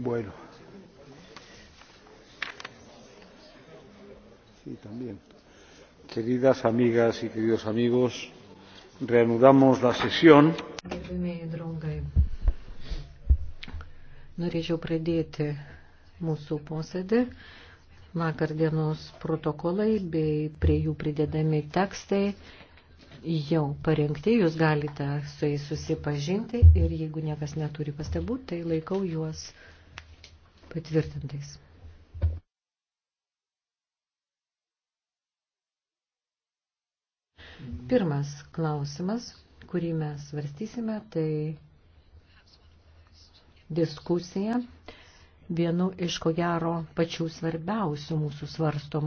Bueno. Sí, también. Queridas amigas y queridos amigos, reanudamos la sesión. Gerbimieji draugai, norėčiau pradėti mūsų posėdį. Vakar dienos protokolai bei prie jų pridedami tekstai jau parengti, jūs galite su jais susipažinti ir jeigu niekas neturi pastabų, tai laikau juos patvirtintais. Pirmas klausimas, kurį mes svarstysime, tai diskusija vienu iš ko gero pačių svarbiausių mūsų svarstomų.